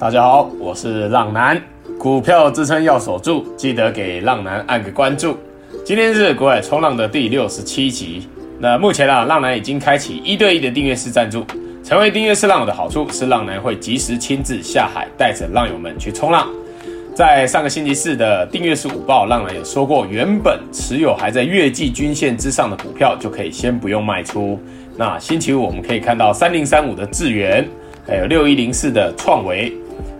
大家好，我是浪男，股票支撐要守住，記得給浪男按個關注。今天是《股海衝浪》的第六十七集。那目前啊，浪男已經開啟一對一的訂閱式贊助。成為訂閱式浪友的好處是，浪男會及時親自下海，帶着浪友們去衝浪。在上個星期四的訂閱式午報，浪男有說過，原本持有還在月季均線之上的股票，就可以先不用賣出。那星期五我們可以看到三零三五的智原，還有六一零四的創維。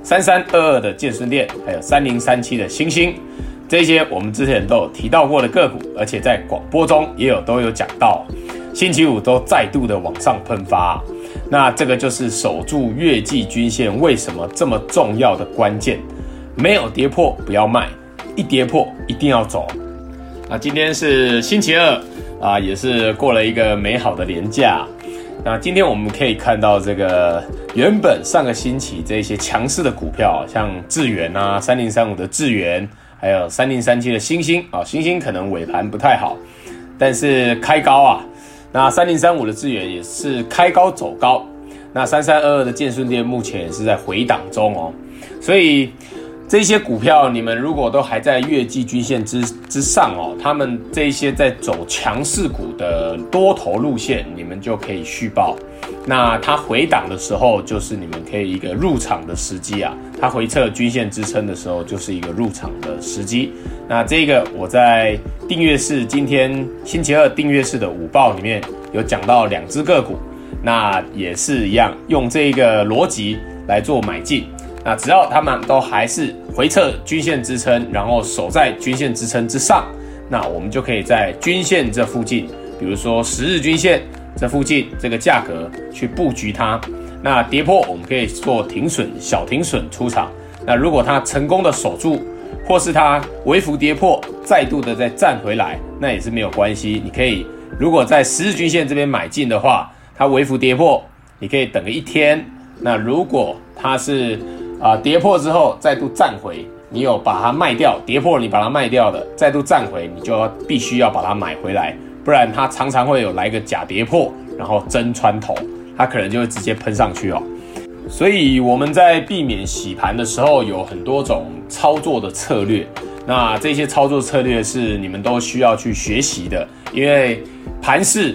三三二二的建舜電，還有三零三七的欣興，這些我們之前都有提到過的個股，而且在廣播中也有都有講到，星期五都再度的往上噴發，那這個就是守住月季均線為什麼這麼重要的關鍵，沒有跌破不要賣，一跌破一定要走。那今天是星期二啊，也是過了一個美好的連假。那今天我們可以看到，這個原本上個星期這些強勢的股票，像智原啊，三零三五的智原，還有三零三七的欣興啊，欣興可能尾盤不太好，但是開高啊，那三零三五的智原也是開高走高，那三三二二的建舜電目前也是在回檔中哦，所以。這些股票，你們如果都還在月季均線之之上哦，他們這些在走強勢股的多頭路線，你們就可以續抱。那它回檔的時候，就是你們可以一個入場的時機啊。它回撤均線支撐的時候，就是一個入場的時機。那這個我在訂閱式今天星期二訂閱式的午報裡面有講到兩隻個股，那也是一樣，用這一個邏輯來做買進。那只要他們都還是回撤均線支撐，然後守在均線支撐之上，那我們就可以在均線這附近，比如說十日均線這附近這個價格去布局它。那跌破我們可以做停損，小停損出場。那如果它成功的守住，或是它微幅跌破，再度的再站回來，那也是沒有關係。你可以如果在十日均線這邊買進的話，它微幅跌破，你可以等個一天。那如果它是啊，跌破之後再度站回，你有把它賣掉，跌破你把它賣掉的，再度站回，你就要必須要把它買回來，不然它常常會有來個假跌破，然後真穿透，它可能就會直接噴上去哦。所以我們在避免洗盤的時候，有很多種操作的策略，那這些操作策略是你們都需要去學習的，因為盤勢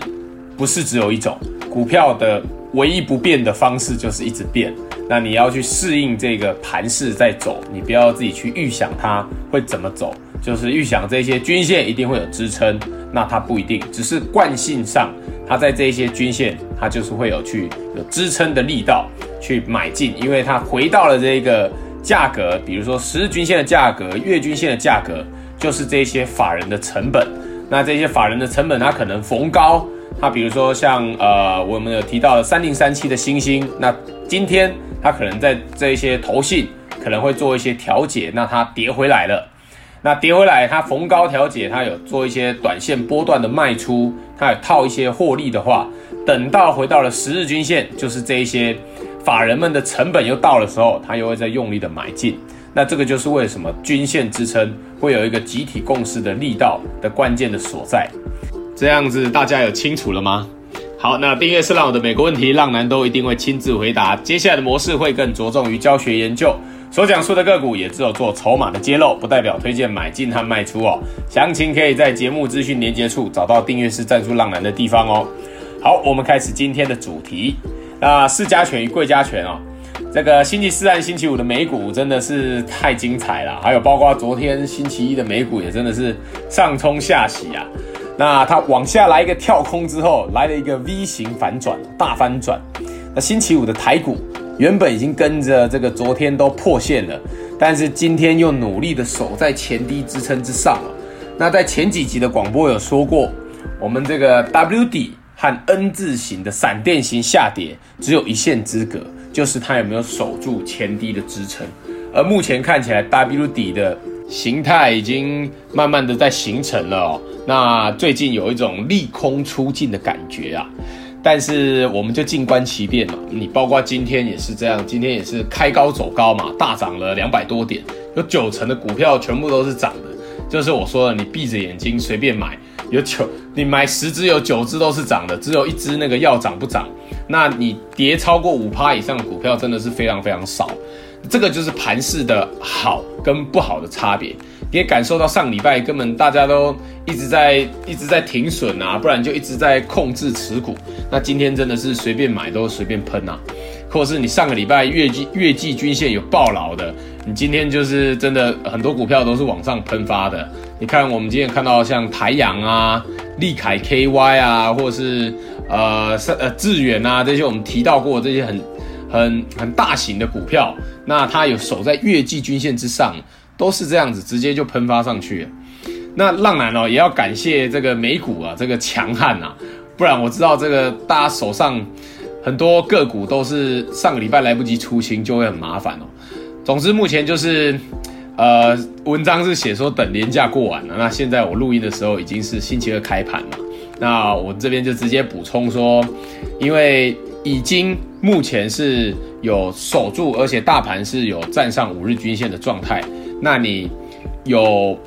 不是只有一種股票的。唯一不變的方式就是一直變，那你要去適應這個盤勢在走，你不要自己去預想它會怎麼走，就是預想這些均線一定會有支撐，那它不一定，只是慣性上，它在這些均線它就是會有去有支撐的力道去買進，因為它回到了這個價格，比如說十日均線的價格、月均線的價格，就是這些法人的成本，那這些法人的成本它可能逢高。那比如說像呃，我們有提到的三零三七的欣興，那今天它可能在這一些投信可能會做一些調節，那它跌回來了，那跌回來它逢高調節，它有做一些短線波段的賣出，它有套一些獲利的話，等到回到了十日均線，就是這一些法人們的成本又到的時候，他又會再用力的買進，那這個就是為什麼均線支撐會有一個集體共識的力道的關鍵的所在。這樣子大家有清楚了嗎？好，那訂閱式浪友的每個問題，浪男都一定會親自回答。接下來的模式會更着重於教學研究，所講述的個股也只有做籌碼的揭露，不代表推薦買進和賣出哦。詳情可以在節目資訊連結處找到訂閱式贊助浪男的地方哦。好，我們開始今天的主題，那市加權與櫃加權哦。這個星期四和星期五的美股真的是太精彩了，還有包括昨天星期一的美股也真的是上沖下洗啊。那它往下來一個跳空之後，來了一個 V 型反轉，大翻轉。那星期五的台股原本已經跟着這個昨天都破線了，但是今天又努力的守在前低支撐之上。那在前幾集的廣播有說過，我們這個 W 底和 N 字形的閃電型下跌，只有一線之隔，就是它有沒有守住前低的支撐。而目前看起來 W 底的。形態已經慢慢的在形成了，哦。那最近有一種利空出盡的感覺啊，但是我們就靜觀其變嘛。你包括今天也是這樣，今天也是開高走高嘛，大漲了兩百多點，有九成的股票全部都是漲的。就是我說的，你閉着眼睛隨便買，有九，你買十只有九只都是漲的，只有一只那個要漲不漲。那你跌超過五趴以上的股票真的是非常非常少。這個就是盤勢的好跟不好的差別，你也感受到上個禮拜根本大家都一直在一直在停損啊，不然就一直在控制持股。那今天真的是隨便買都隨便噴啊，或者是你上個禮拜月季月季均線有抱牢的，你今天就是真的很多股票都是往上噴發的。你看我們今天看到像台揚啊、立凱 KY 啊，或者是呃呃智原啊這些，我們提到過這些很。很很大型的股票，那它有守在月季均線之上，都是這樣子，直接就噴發上去了。那浪男哦，也要感謝這個美股啊，這個強悍啊，不然我知道這個大家手上很多個股都是上個禮拜來不及出清就會很麻煩哦。總之目前就是，呃，文章是寫說等連假過完了，那現在我錄音的時候已經是星期二開盤嘛，那我這邊就直接補充說，因為。已經目前是有守住，而且大盤是有站上五日均線的狀態。那你有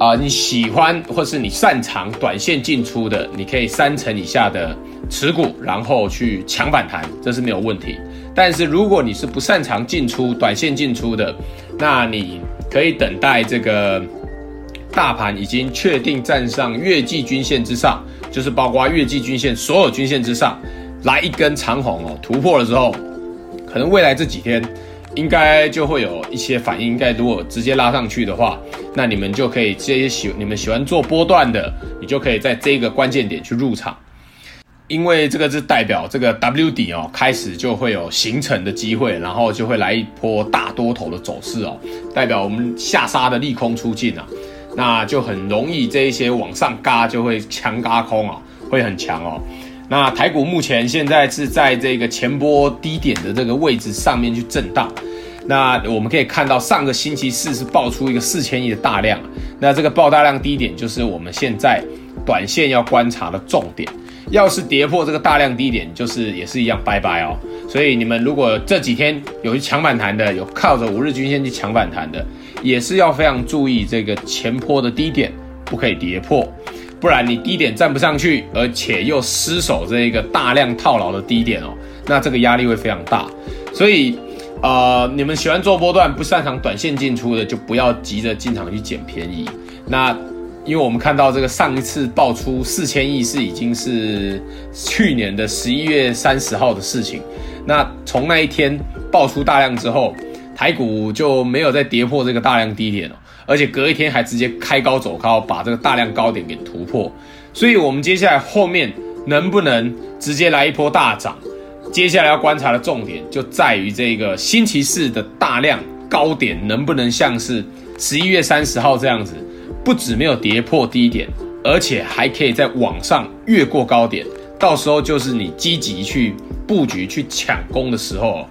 啊、呃，你喜歡或是你擅長短線進出的，你可以三成以下的持股，然後去搶反彈，這是沒有問題。但是如果你是不擅長進出短線進出的，那你可以等待這個大盤已經確定站上月季均線之上，就是包括月季均線所有均線之上。來一根長紅哦，突破了之後，可能未來這幾天應該就會有一些反應。應該如果直接拉上去的話，那你們就可以這些喜，你們喜歡做波段的，你就可以在這個關鍵點去入場，因為這個是代表這個 W 底哦，開始就會有形成的機會，然後就會來一波大多頭的走勢哦，代表我們下殺的利空出盡啊，那就很容易這一些往上嘎就會強嘎空啊，會很強哦。那台股目前現在是在這個前波低點的這個位置上面去震盪。那我們可以看到，上個星期四是爆出一個四千億的大量，那這個爆大量低點就是我們現在短線要觀察的重點。要是跌破這個大量低點，就是也是一樣拜拜哦。所以你們如果這幾天有去搶反彈的，有靠着五日均線去搶反彈的，也是要非常注意這個前波的低點，不可以跌破。不然你低點站不上去，而且又失守這個大量套牢的低點哦，那這個壓力會非常大。所以，呃，你們喜歡做波段，不擅長短線進出的，就不要急着進場去撿便宜。那因為我們看到這個上一次爆出四千億，是已經是去年的十一月三十號的事情。那從那一天爆出大量之後，台股就沒有再跌破這個大量低點了。而且隔一天還直接開高走高，把這個大量高點給突破，所以我們接下來後面能不能直接來一波大漲？接下來要觀察的重點就在於這個星期四的大量高點能不能像是十一月三十號這樣子，不止沒有跌破低點，而且還可以再往上越過高點，到時候就是你積極去布局、去搶攻的時候。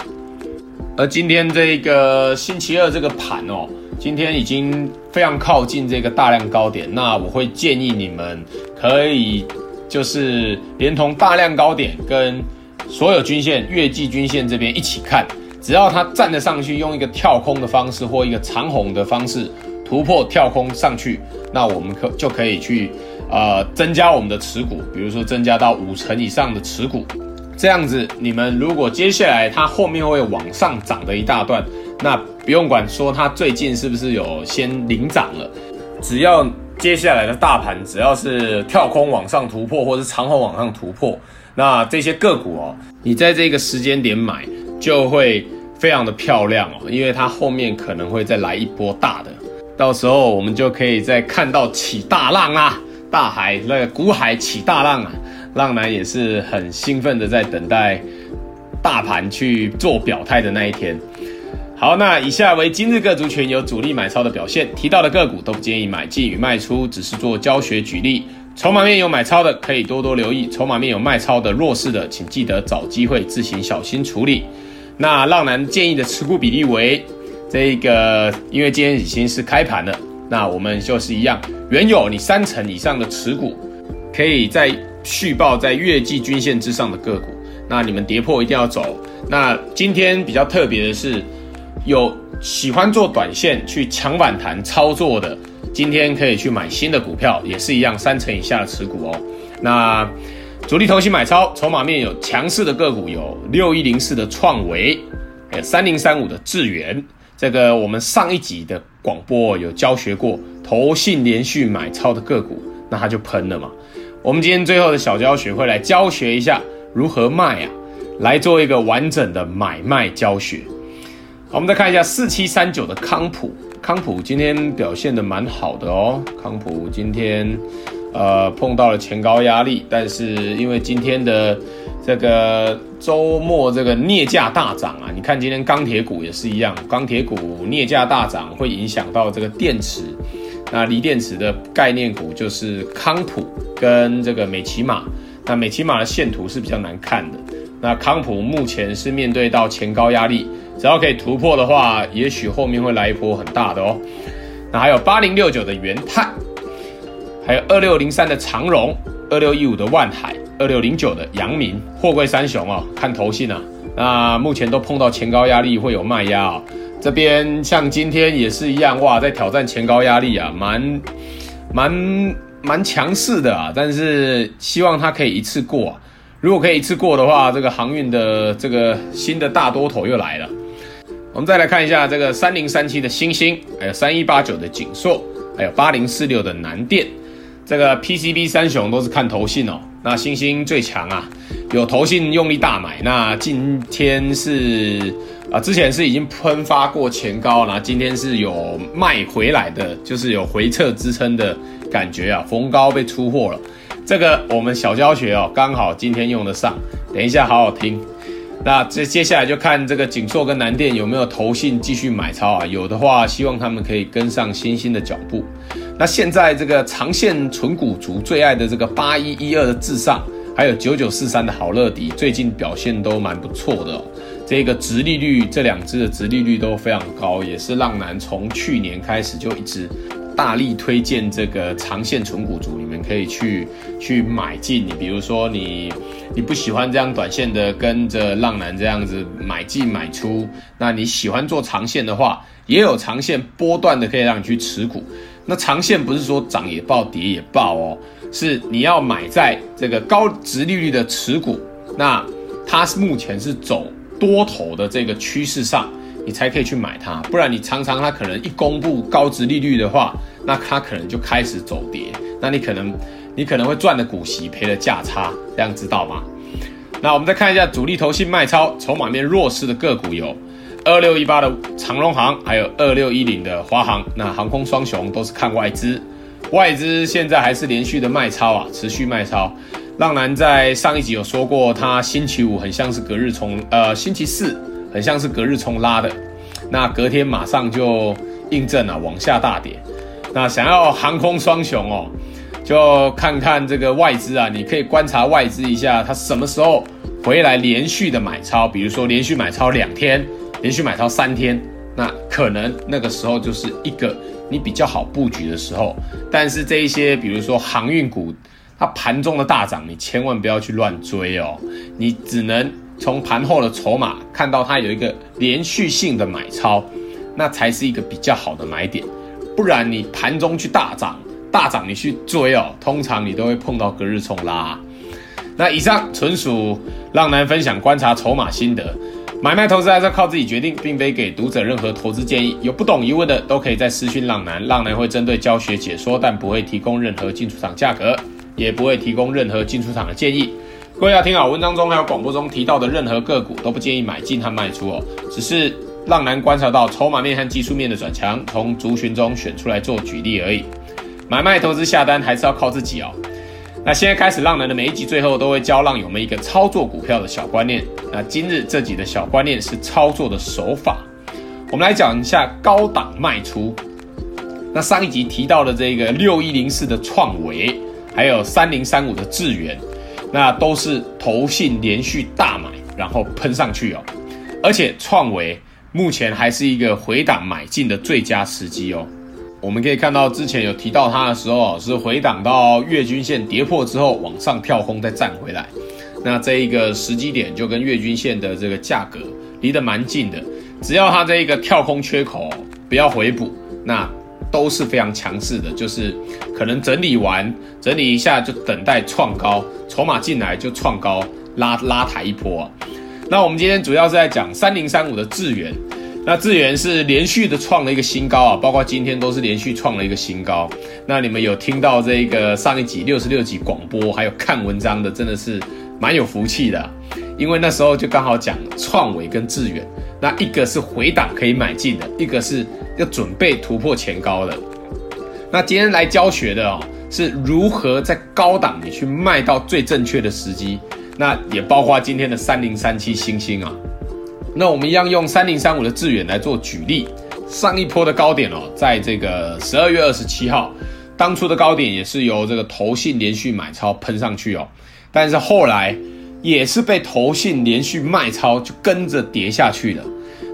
而今天這個星期二這個盤哦。今天已經非常靠近這個大量高點，那我會建議你們可以，就是連同大量高點跟所有均線、月季均線這邊一起看，只要它站得上去，用一個跳空的方式或一個長紅的方式突破跳空上去，那我們可就可以去呃增加我們的持股，比如說增加到五成以上的持股，這樣子你們如果接下來它後面會往上漲的一大段。那不用管說它最近是不是有先領漲了，只要接下來的大盤只要是跳空往上突破，或者是長紅往上突破，那這些個股哦，你在這個時間點買就會非常的漂亮哦，因為它後面可能會再來一波大的，到時候我們就可以再看到起大浪啊，大海那個股海起大浪啊，浪男也是很興奮的在等待大盤去做表態的那一天。好，那以下為今日各族群有主力買超的表現，提到的個股都不建議買進與賣出，只是做教學舉例。籌碼面有買超的，可以多多留意；籌碼面有賣超的弱勢的，請記得找機會自行小心處理。那浪男建議的持股比例為這個，因為今天已經是開盤了，那我們就是一樣，原有你三成以上的持股，可以再續抱在月季均線之上的個股，那你們跌破一定要走。那今天比較特別的是。有喜歡做短線去搶反彈操作的，今天可以去買新的股票，也是一樣，三成以下的持股哦。那主力投信買超，籌碼面有強勢的個股有六一零四的創惟，還有三零三五的智原。這個我們上一集的廣播、哦、有教學過投信連續買超的個股，那它就噴了嘛。我們今天最後的小教學會來教學一下如何賣啊，來做一個完整的買賣教學。我們再看一下四七三九的康普，康普今天表現得蠻好的哦。康普今天，呃，碰到了前高壓力，但是因為今天的這個周末這個鎳價大漲啊，你看今天鋼鐵股也是一樣，鋼鐵股鎳價大漲會影響到這個電池，那鋰電池的概念股就是康普跟這個美琪瑪。那美琪瑪的線圖是比較難看的，那康普目前是面對到前高壓力。只要可以突破的話，也許後面會來一波很大的哦。那還有八零六九的元太，還有二六零三的長榮，二六一五的萬海，二六零九的陽明，貨櫃三雄哦。看投信啊，那目前都碰到前高壓力，會有賣壓啊、哦。這邊像今天也是一樣，哇，在挑戰前高壓力啊，蠻蠻蠻強勢的啊。但是希望它可以一次過啊。如果可以一次過的話，這個航運的這個新的大多頭又來了。我們再來看一下這個三零三七的欣興，還有三一八九的景碩，還有八零四六的南電，這個 PCB 三雄都是看投信哦。那欣興最強啊，有投信用力大買。那今天是啊，之前是已經噴發過前高，然後今天是有賣回來的，就是有回撤支撐的感覺啊。逢高被出貨了，這個我們小教學哦，剛好今天用得上。等一下，好好聽。那接接下來就看這個景碩跟南電有沒有投信繼續買超啊？有的話，希望他們可以跟上新興的腳步。那現在這個長線存股族最愛的這個八一一二的至上，還有九九四三的好樂迪，最近表現都蠻不錯的哦。這個殖利率，這兩支的殖利率都非常高，也是浪男從去年開始就一直。大力推薦這個長線存股族。你們可以去去買進你，你比如說你，你你不喜歡這樣短線的，跟着浪男這樣子買進買出，那你喜歡做長線的話，也有長線波段的可以讓你去持股。那長線不是說漲也抱，跌也抱哦，是你要買在這個高殖利率的持股，那它目前是走多頭的這個趨勢上。你才可以去買它，不然你常常它可能一公布高殖利率的話，那它可能就開始走跌，那你可能你可能會賺的股息，賠的價差，這樣知道嗎？那我們再看一下主力投信賣超籌碼面弱勢的個股有二六一八的長榮航，還有二六一零的華航，那航空雙雄都是看外資，外資現在還是連續的賣超啊，持續賣超。浪男在上一集有說過，他星期五很像是隔日沖呃星期四，很像是隔日衝拉的，那隔天馬上就印證了啊，往下大跌。那想要航空雙雄哦，就看看這個外資啊，你可以觀察外資一下，它什麼時候回來連續的買超，比如說連續買超兩天，連續買超三天，那可能那個時候就是一個你比較好布局的時候。但是這一些，比如說航運股，它盤中的大漲，你千萬不要去亂追哦，你只能。從盤後的籌碼看到它有一個連續性的買超，那才是一個比較好的買點，不然你盤中去大漲，大漲你去追哦，通常你都會碰到隔日沖拉。那以上純屬浪男分享觀察籌碼心得，買賣投資還是要靠自己決定，並非給讀者任何投資建議。有不懂疑問的都可以在私訊浪男，浪男會針對教學解說，但不會提供任何進出場價格，也不會提供任何進出場的建議。各位要、啊、聽好，文章中還有廣播中提到的任何個股都不建議買進和賣出哦，只是浪男觀察到籌碼面和技術面的轉強，從族群中選出來做舉例而已。買賣投資下單還是要靠自己哦。那現在開始，浪男的每一集最後都會教浪友們一個操作股票的小觀念。那今日這集的小觀念是操作的手法，我們來講一下高檔賣出。那上一集提到的這個六一零四的創維，還有三零三五的智原。那都是投信連續大買，然後噴上去哦，而且創惟目前還是一個回檔買進的最佳時機哦。我們可以看到之前有提到它的時候，是回檔到月均線跌破之後往上跳空再站回來，那這一個時機點就跟月均線的這個價格離得蠻近的，只要它這一個跳空缺口不要回補，那。都是非常強勢的，就是可能整理完，整理一下就等待創高，籌碼進來就創高拉拉抬一波啊。那我們今天主要是在講三零三五的智原，那智原是連續的創了一個新高啊，包括今天都是連續創了一個新高。那你們有聽到這個上一集六十六集廣播還有看文章的，真的是蠻有福氣的啊，因為那時候就剛好講創惟跟智原。那一個是回檔可以買進的，一個是要準備突破前高的。那今天來教學的哦，是如何在高檔你去賣到最正確的時機。那也包括今天的三零三七欣興啊、哦。那我們一樣用三零三五的智原來做舉例。上一波的高點哦，在這個十二月二十七號，當初的高點也是由這個投信連續買超噴上去哦，但是後來。也是被投信連續賣超就跟着跌下去的。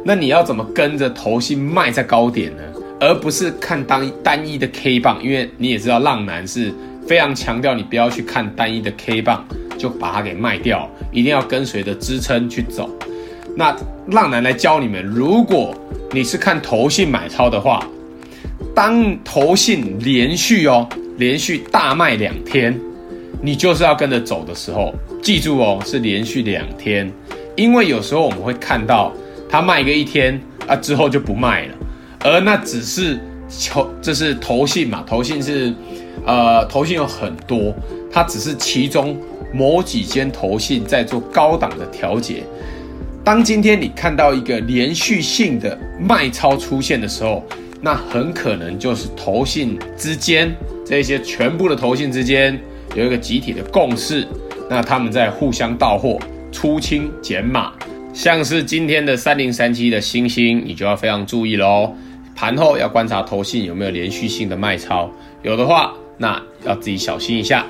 那你要怎麼跟着投信賣在高點呢？而不是看當單一的 K 棒，因為你也知道浪男是非常強調你不要去看單一的 K 棒就把它給賣掉，一定要跟隨着支撐去走。那浪男來教你們，如果你是看投信買超的話，當投信連續哦，連續大賣兩天。你就是要跟着走的時候，記住哦，是連續兩天，因為有時候我們會看到他賣一個一天啊，之後就不賣了，而那只是投，這是投信嘛，投信是，呃，投信有很多，它只是其中某幾間投信在做高檔的調節。當今天你看到一個連續性的賣超出現的時候，那很可能就是投信之間，這些全部的投信之間。有一個集體的共識，那他們在互相倒貨、出清減碼，像是今天的三零三七的欣興，你就要非常注意嘍。盤後要觀察投信有沒有連續性的賣超，有的話，那要自己小心一下。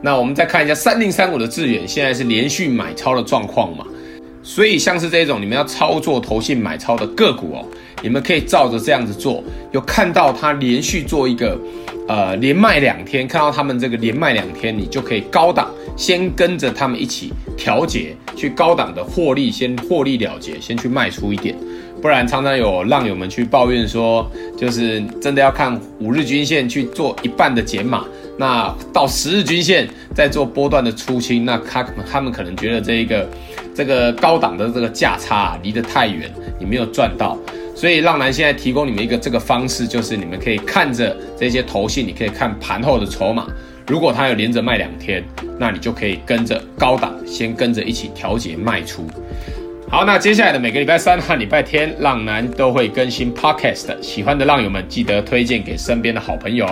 那我們再看一下三零三五的智原，現在是連續買超的狀況嘛。所以像是這種你們要操作投信買超的個股哦，你們可以照着這樣子做。有看到他連續做一個，呃，連賣兩天，看到他們這個連賣兩天，你就可以高檔先跟着他們一起調節，去高檔的獲利，先獲利了結，先去賣出一點。不然常常有浪友們去抱怨說，就是真的要看五日均線去做一半的減碼，那到十日均線再做波段的出清，那他他們可能覺得這一個。這個高檔的這個價差，啊、離得太遠，你沒有賺到，所以浪男現在提供你們一個這個方式，就是你們可以看着這些投信，你可以看盤後的籌碼，如果它有連着賣兩天，那你就可以跟着高檔先跟着一起調節賣出。好，那接下來的每個禮拜三和，啊、禮拜天，浪男都會更新 Podcast，喜歡的浪友們記得推薦給身邊的好朋友。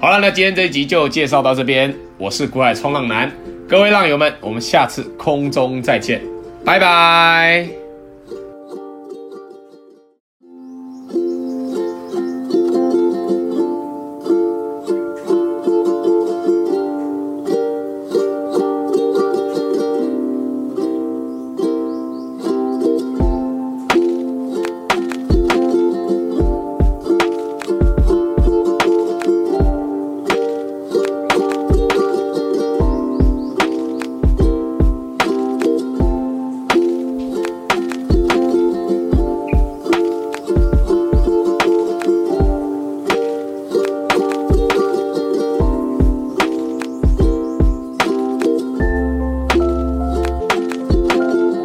好了，那今天這一集就介紹到這邊，我是股海衝浪男。各位浪友們，我們下次空中再見，拜拜。